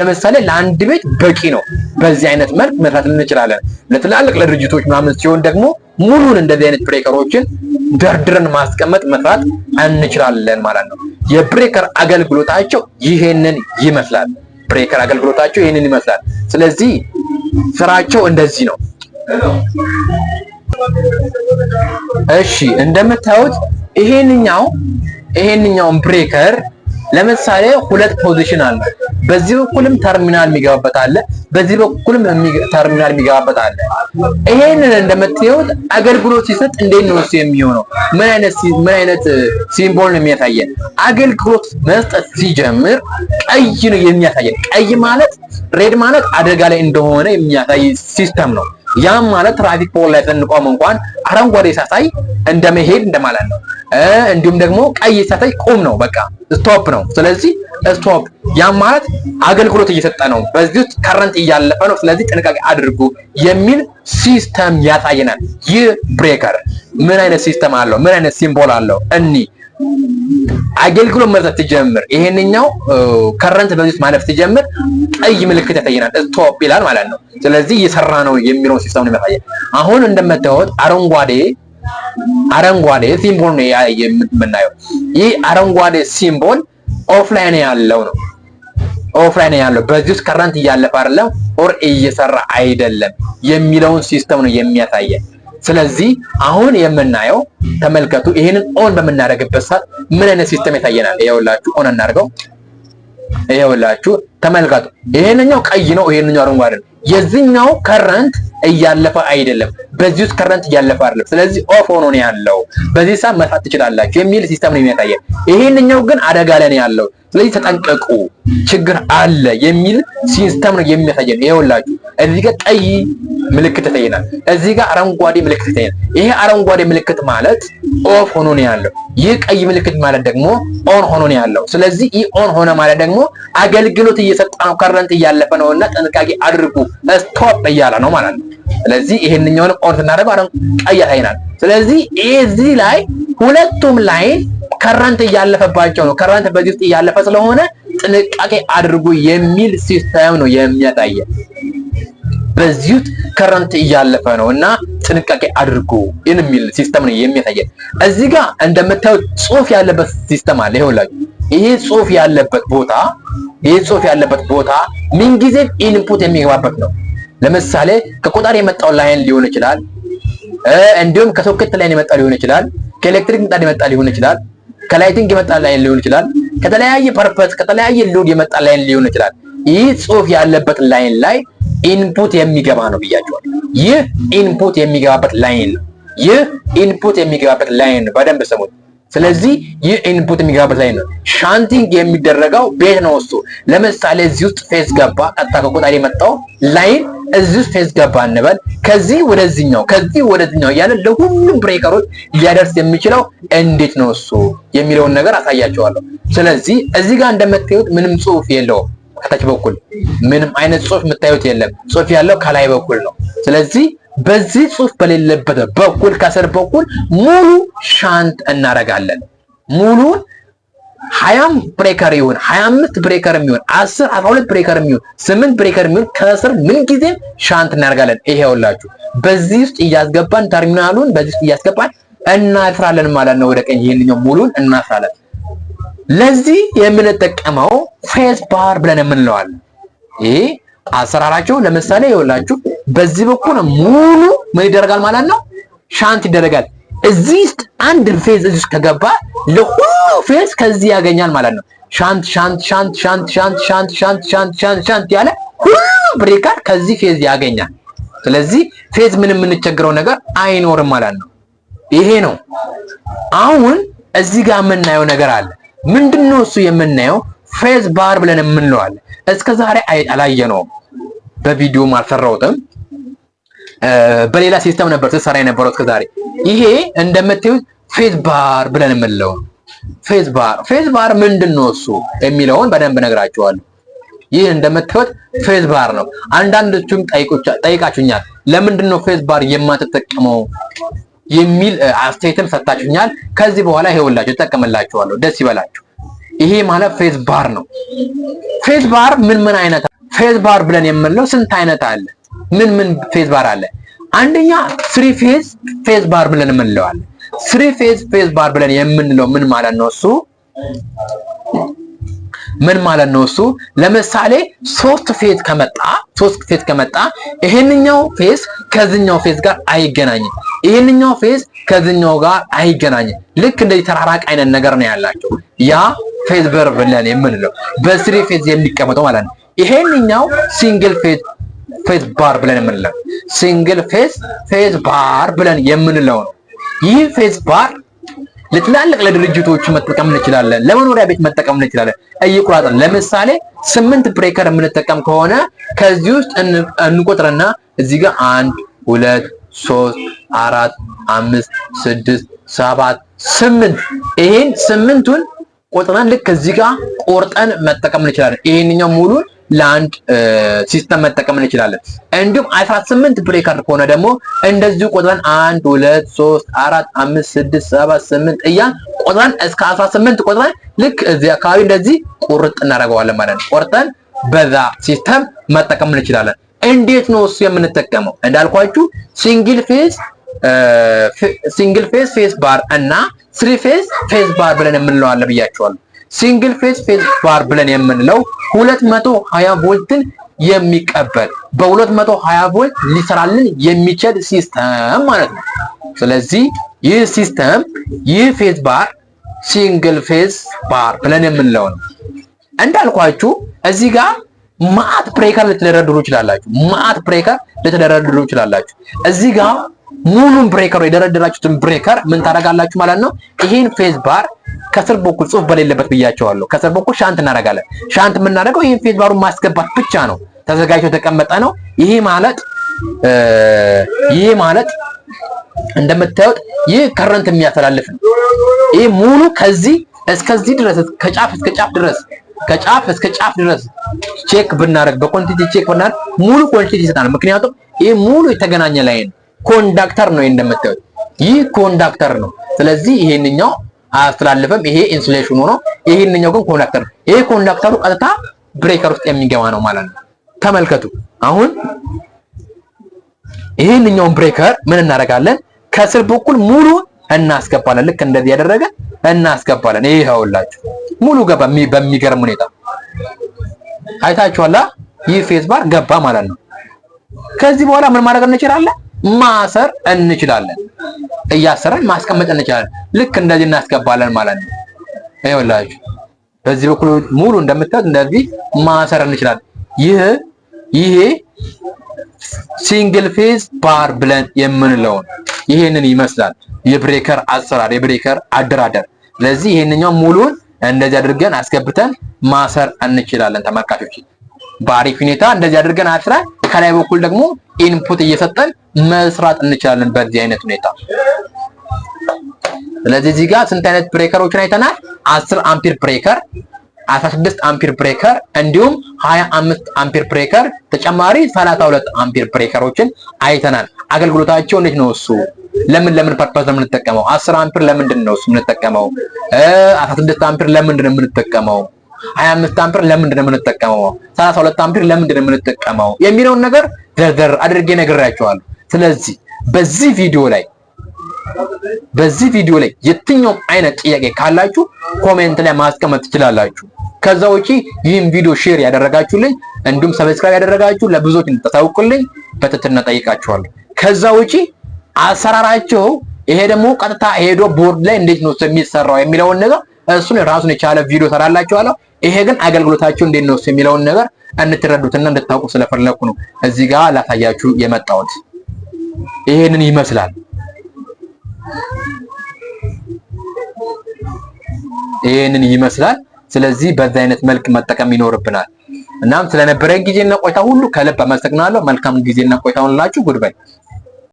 ለምሳሌ ለአንድ ቤት በቂ ነው። በዚህ አይነት መልክ መስራት እንችላለን። ለትላልቅ ለድርጅቶች ምናምን ሲሆን ደግሞ ሙሉን እንደዚህ አይነት ብሬከሮችን ደርድረን ማስቀመጥ መስራት እንችላለን ማለት ነው። የብሬከር አገልግሎታቸው ይሄንን ይመስላል። ብሬከር አገልግሎታቸው ይሄንን ይመስላል። ስለዚህ ስራቸው እንደዚህ ነው። እሺ እንደምታዩት ይሄንኛው ይሄንኛውን ብሬከር ለምሳሌ ሁለት ፖዚሽን አለ። በዚህ በኩልም ተርሚናል የሚገባበት አለ፣ በዚህ በኩልም ተርሚናል የሚገባበት አለ። ይሄንን እንደምታዩት አገልግሎት ሲሰጥ እንዴት ነው እሱ የሚሆነው? ምን አይነት ምን አይነት ሲምቦል ነው የሚያሳየን? አገልግሎት መስጠት ሲጀምር ቀይ ነው የሚያሳየን። ቀይ ማለት ሬድ ማለት አደጋ ላይ እንደሆነ የሚያሳይ ሲስተም ነው። ያም ማለት ትራፊክ ፖል ላይ ስንቆም እንኳን አረንጓዴ ሳሳይ እንደ መሄድ እንደማለት ነው። እንዲሁም ደግሞ ቀይ ሳሳይ ቁም ነው፣ በቃ ስቶፕ ነው። ስለዚህ ስቶፕ ያም ማለት አገልግሎት እየሰጠ ነው፣ በዚህ ውስጥ ከረንት እያለፈ ነው፣ ስለዚህ ጥንቃቄ አድርጉ የሚል ሲስተም ያሳየናል። ይህ ብሬከር ምን አይነት ሲስተም አለው? ምን አይነት ሲምቦል አለው? እኒ አገልግሎት መርጠት ትጀምር፣ ይሄንኛው ከረንት በዚህ ማለፍ ትጀምር፣ ቀይ ምልክት ያሳየናል፣ ስቶፕ ይላል ማለት ነው። ስለዚህ እየሰራ ነው የሚለውን ሲስተም ነው የሚያሳየን። አሁን እንደምታዩት አረንጓዴ አረንጓዴ ሲምቦል ነው የምናየው። ይህ አረንጓዴ ሲምቦል ኦፍላይን ያለው ነው። ኦፍላይን ያለው በዚህ ውስጥ ከረንት እያለፈ አይደለም ኦር እየሰራ አይደለም የሚለውን ሲስተም ነው የሚያሳየን። ስለዚህ አሁን የምናየው ተመልከቱ፣ ይህንን ኦን በምናደርግበት ሰዓት ምን አይነት ሲስተም ይታየናል? ይኸውላችሁ ኦን እናደርገው። ይኸውላችሁ ተመልከቱ፣ ይሄንኛው ቀይ ነው፣ ይሄንኛው አረንጓዴ ነው። የዚህኛው ከረንት እያለፈ አይደለም። በዚህ ውስጥ ከረንት እያለፈ አይደለም። ስለዚህ ኦፍ ሆኖ ነው ያለው። በዚህ ሰዓት መጥፋት ትችላላችሁ የሚል ሲስተም ነው የሚያሳየን። ይሄንኛው ግን አደጋ ላይ ነው ያለው። ስለዚህ ተጠንቀቁ፣ ችግር አለ የሚል ሲስተም ነው የሚያሳየን። ይኸውላችሁ እዚህ ጋር ቀይ ምልክት ተሳየናል፣ እዚህ ጋር አረንጓዴ ምልክት ተሳየናል። ይሄ አረንጓዴ ምልክት ማለት ኦፍ ሆኖ ነው ያለው። ይህ ቀይ ምልክት ማለት ደግሞ ኦን ሆኖ ነው ያለው። ስለዚህ ይህ ኦን ሆነ ማለት ደግሞ አገልግሎት እየሰጠ ነው፣ ከረንት እያለፈ ነው እና ጥንቃቄ አድርጉ፣ ስቶፕ እያለ ነው ማለት ነው። ስለዚህ ይሄንኛውንም ኦን ስናደርገው አሁን ቀይ ያሳይናል። ስለዚህ እዚህ ላይ ሁለቱም ላይን ከረንት እያለፈባቸው ነው። ከረንት በዚህ ውስጥ እያለፈ ስለሆነ ጥንቃቄ አድርጉ የሚል ሲስተም ነው የሚያሳየ። በዚህ ውስጥ ከረንት እያለፈ ነው እና ጥንቃቄ አድርጉ የሚል ሲስተም ነው የሚያሳየ። እዚህ ጋር እንደምታዩት ጽሁፍ ያለበት ሲስተም አለ። ይኸውላችሁ ይሄ ጽሁፍ ያለበት ቦታ ይሄ ጽሁፍ ያለበት ቦታ ምንጊዜም ኢንፑት የሚገባበት ነው። ለምሳሌ ከቆጣሪ የመጣው ላይን ሊሆን ይችላል። እንዲሁም ከሶኬት ላይን የመጣ ሊሆን ይችላል። ከኤሌክትሪክ ምጣድ የመጣ ሊሆን ይችላል። ከላይቲንግ የመጣ ላይን ሊሆን ይችላል። ከተለያየ ፐርፐስ ከተለያየ ሎድ የመጣ ላይን ሊሆን ይችላል። ይህ ጽሁፍ ያለበት ላይን ላይ ኢንፑት የሚገባ ነው ብያቸዋል። ይህ ኢንፑት የሚገባበት ላይን ነው። ይህ ኢንፑት የሚገባበት ላይን ነው። በደንብ ስሙት። ስለዚህ ይህ ኢንፑት የሚገባበት ላይን ነው። ሻንቲንግ የሚደረገው ቤት ነው እሱ። ለምሳሌ እዚህ ውስጥ ፌዝ ገባ፣ ቀጥታ ከቆጣሪ የመጣው ላይን እዚህ ውስጥ ያስገባ እንበል ከዚህ ወደዚህኛው ከዚህ ወደዚህኛው እያለን ለሁሉም ብሬከሮች ሊያደርስ የሚችለው እንዴት ነው እሱ የሚለውን ነገር አሳያቸዋለሁ። ስለዚህ እዚህ ጋር እንደምታዩት ምንም ጽሁፍ የለውም። ከታች በኩል ምንም አይነት ጽሁፍ የምታዩት የለም። ጽሁፍ ያለው ከላይ በኩል ነው። ስለዚህ በዚህ ጽሁፍ በሌለበት በኩል ከስር በኩል ሙሉ ሻንት እናደርጋለን ሙሉን ሀያም ብሬከር ይሁን ሀያ አምስት ብሬከር የሚሆን አስር አስራ ሁለት ብሬከር የሚሆን ስምንት ብሬከር የሚሆን ከስር ምንጊዜም ሻንት እናደርጋለን። ይሄውላችሁ በዚህ ውስጥ እያስገባን ተርሚናሉን በዚህ ውስጥ እያስገባን እናስራለን ማለት ነው። ወደ ቀኝ ይህንኛው ሙሉን እናስራለን። ለዚህ የምንጠቀመው ፌስ ባር ብለን የምንለዋለን። ይህ አሰራራቸው ለምሳሌ ይኸውላችሁ በዚህ በኩል ሙሉ ምን ይደረጋል ማለት ነው ሻንት ይደረጋል። እዚህ ውስጥ አንድ ፌዝ እዚህ ከገባ ለሁሉ ፌዝ ከዚህ ያገኛል ማለት ነው። ሻንት ሻንት ሻንት ሻንት ሻንት ሻንት ሻንት ሻንት ሻንት ሻንት ያለ ሁሉ ብሬከር ከዚህ ፌዝ ያገኛል። ስለዚህ ፌዝ ምንም የምንቸግረው ነገር አይኖርም ማለት ነው። ይሄ ነው። አሁን እዚህ ጋር የምናየው ነገር አለ። ምንድነው እሱ የምናየው? ፌዝ ባር ብለን የምንለው አለ። እስከ ዛሬ አላየነውም፣ በቪዲዮም አልሰራሁትም። በሌላ ሲስተም ነበር ስትሰራ የነበረው እስከዛሬ። ይሄ እንደምታዩት ፌዝ ባር ብለን የምንለው ፌዝ ባር ፌዝ ባር ምንድን ነው እሱ የሚለውን በደንብ ነግራችኋለሁ። ይህ እንደምታዩት ፌዝ ባር ነው። አንዳንዶቹም ጠይቃችሁኛል፣ ለምንድን ነው ፌዝ ባር የማትጠቀመው የሚል አስተያየትም ሰጥታችሁኛል። ከዚህ በኋላ ይሄውላችሁ እጠቀምላችኋለሁ። ደስ ይበላችሁ። ይሄ ማለት ፌዝ ባር ነው። ፌዝ ባር ምን ምን አይነት ፌዝ ባር ብለን የምንለው ስንት አይነት አለ? ምን ምን ፌዝ ባር አለ? አንደኛ ፍሪ ፌዝ ፌዝ ባር ብለን የምንለዋለን። ፍሪ ፌዝ ፌዝ ባር ብለን የምንለው ምን ማለት ነው? እሱ ምን ማለት ነው? እሱ ለምሳሌ ሶስት ፌዝ ከመጣ ሶስት ፌዝ ከመጣ ይሄንኛው ፌዝ ከዚህኛው ፌዝ ጋር አይገናኝም። ይሄንኛው ፌዝ ከዚህኛው ጋር አይገናኝም። ልክ እንደዚህ ተራራቅ አይነት ነገር ነው ያላቸው። ያ ፌዝ በር ብለን የምንለው በስሪ ፌዝ የሚቀመጠው ማለት ነው። ይሄንኛው ሲንግል ፌዝ ፌዝ ባር ብለን የምንለው ሲንግል ፌዝ ፌዝ ባር ብለን የምንለው ነው። ይህ ፌዝ ባር ለትላልቅ ለድርጅቶች መጠቀም እንችላለን። ለመኖሪያ ቤት መጠቀም እንችላለን። እይቁራጥን ለምሳሌ ስምንት ብሬከር የምንጠቀም ከሆነ ከዚህ ውስጥ እንቆጥርና እዚህ ጋር አንድ ሁለት ሶስት አራት አምስት ስድስት ሰባት ስምንት ይህን ስምንቱን ቆጥረን ልክ እዚህ ጋር ቆርጠን መጠቀም እንችላለን። ይህንኛው ሙሉን ለአንድ ሲስተም መጠቀም እንችላለን። እንዲሁም 18 ብሬከር ከሆነ ደግሞ እንደዚሁ ቁጥረን 1 2 3 4 5 6 7 8 እያል ቁጥረን እስከ 18 ቆጥረን ልክ እዚህ አካባቢ እንደዚህ ቁርጥ እናደርገዋለን ማለት ነው። ቆርጠን በዛ ሲስተም መጠቀም እንችላለን። እንዴት ነው እሱ የምንጠቀመው? እንዳልኳችሁ ሲንግል ፌስ ሲንግል ፌስ ፌስ ባር እና ስሪ ፌስ ፌስ ባር ብለን የምንለዋለን ብያችኋለሁ። ሲንግል ፌዝ ፌዝ ባር ብለን የምንለው 220 ቮልትን የሚቀበል በ220 ቮልት ሊሰራልን የሚችል ሲስተም ማለት ነው። ስለዚህ ይህ ሲስተም ይህ ፌዝ ባር ሲንግል ፌዝ ባር ብለን የምንለው ነው። እንዳልኳችሁ እዚህ ጋር ማአት ብሬከር ልትደረድሩ ይችላላችሁ። ማአት ብሬከር ልትደረድሩ ይችላላችሁ። እዚህ ጋር ሙሉን ብሬከሩ የደረደራችሁትን ብሬከር ምን ታደርጋላችሁ ማለት ነው? ይህን ፌዝ ባር ከስር በኩል ጽሁፍ በሌለበት ብያቸዋለሁ። ከስር በኩል ሻንት እናደርጋለን። ሻንት የምናደርገው ይህን ፌዝ ባሩን ማስገባት ብቻ ነው። ተዘጋጅቶ የተቀመጠ ነው። ይሄ ማለት ይህ ማለት እንደምታዩት ይህ ከረንት የሚያስተላልፍ ነው። ይህ ሙሉ ከዚህ እስከዚህ ድረስ ከጫፍ እስከ ጫፍ ድረስ ከጫፍ እስከ ጫፍ ድረስ ቼክ ብናደርግ በኮንቲቲ ቼክ ብናደርግ ሙሉ ኮንቲቲ ይሰጣል። ምክንያቱም ይህ ሙሉ የተገናኘ ላይ ነው። ኮንዳክተር ነው እንደምታዩት፣ ይህ ኮንዳክተር ነው። ስለዚህ ይሄንኛው አያስተላልፍም። ይሄ ኢንሱሌሽኑ ነው። ይሄንኛው ግን ኮንዳክተር ነው። ይሄ ኮንዳክተሩ ቀጥታ ብሬከር ውስጥ የሚገባ ነው ማለት ነው። ተመልከቱ። አሁን ይሄንኛውን ብሬከር ምን እናደርጋለን? ከስር በኩል ሙሉ እናስገባለን። ልክ እንደዚህ ያደረገ እናስገባለን። ይኸውላችሁ ሙሉ ገባ። በሚገርም ሁኔታ አይታችኋላ። ይህ ፌስ ባር ገባ ማለት ነው። ከዚህ በኋላ ምን ማድረግ እንችላለን? ማሰር እንችላለን። እያሰረን ማስቀመጥ እንችላለን። ልክ እንደዚህ እናስገባለን ማለት ነው። ይኸውላችሁ በዚህ በኩል ሙሉ እንደምታዩት እንደዚህ ማሰር እንችላለን። ይህ ይሄ ሲንግል ፌዝ ባር ብለን የምንለውን ይሄንን ይመስላል የብሬከር አሰራር የብሬከር አደራደር። ስለዚህ ይሄንኛው ሙሉን እንደዚህ አድርገን አስገብተን ማሰር እንችላለን። ተመልካቾች በአሪፍ ሁኔታ እንደዚህ አድርገን አስረን ከላይ በኩል ደግሞ ኢንፑት እየሰጠን መስራት እንችላለን በዚህ አይነት ሁኔታ። ስለዚህ እዚህ ጋር ስንት አይነት ብሬከሮችን አይተናል? 10 አምፒር ብሬከር 16 አምፒር ብሬከር እንዲሁም 25 አምፒር ብሬከር ተጨማሪ 32 አምፒር ብሬከሮችን አይተናል። አገልግሎታቸው እንዴት ነው? እሱ ለምን ለምን ፐርፐዝ ነው የምንጠቀመው? 10 አምፒር ለምንድን ነው እሱ የምንጠቀመው? 16 አምፒር ለምንድን ነው የምንጠቀመው? ሀያ አምስት አምፒር ለምንድን ነው የምንጠቀመው? ሰላሳ ሁለት አምፒር ለምንድን ነው የምንጠቀመው? የሚለውን ነገር ደርደር አድርጌ ነግራችኋለሁ። ስለዚህ በዚህ ቪዲዮ ላይ በዚህ ቪዲዮ ላይ የትኛውም አይነት ጥያቄ ካላችሁ ኮሜንት ላይ ማስቀመጥ ትችላላችሁ። ከዛ ውጪ ይህን ቪዲዮ ሼር ያደረጋችሁልኝ እንዲሁም ሰብስክራይብ ያደረጋችሁ ለብዙዎች እንድታሳውቁልኝ በትህትና ጠይቃችኋለሁ። ከዛ ውጪ አሰራራቸው ይሄ ደግሞ ቀጥታ ሄዶ ቦርድ ላይ እንዴት ነው የሚሰራው የሚለውን ነገር እሱን ራሱን የቻለ ቪዲዮ ሰራላችኋለሁ። ይሄ ግን አገልግሎታችሁ እንዴት ነው የሚለውን ነገር እንትረዱትና እንድታውቁ ስለፈለኩ ነው እዚህ ጋር ላሳያችሁ የመጣሁት። ይሄንን ይመስላል። ይሄንን ይመስላል። ስለዚህ በዛ አይነት መልክ መጠቀም ይኖርብናል። እናም ስለነበረን ጊዜና ቆይታ ሁሉ ከልብ አመሰግናለሁ። መልካም ጊዜና ቆይታ ሆንላችሁ። ጉድባይ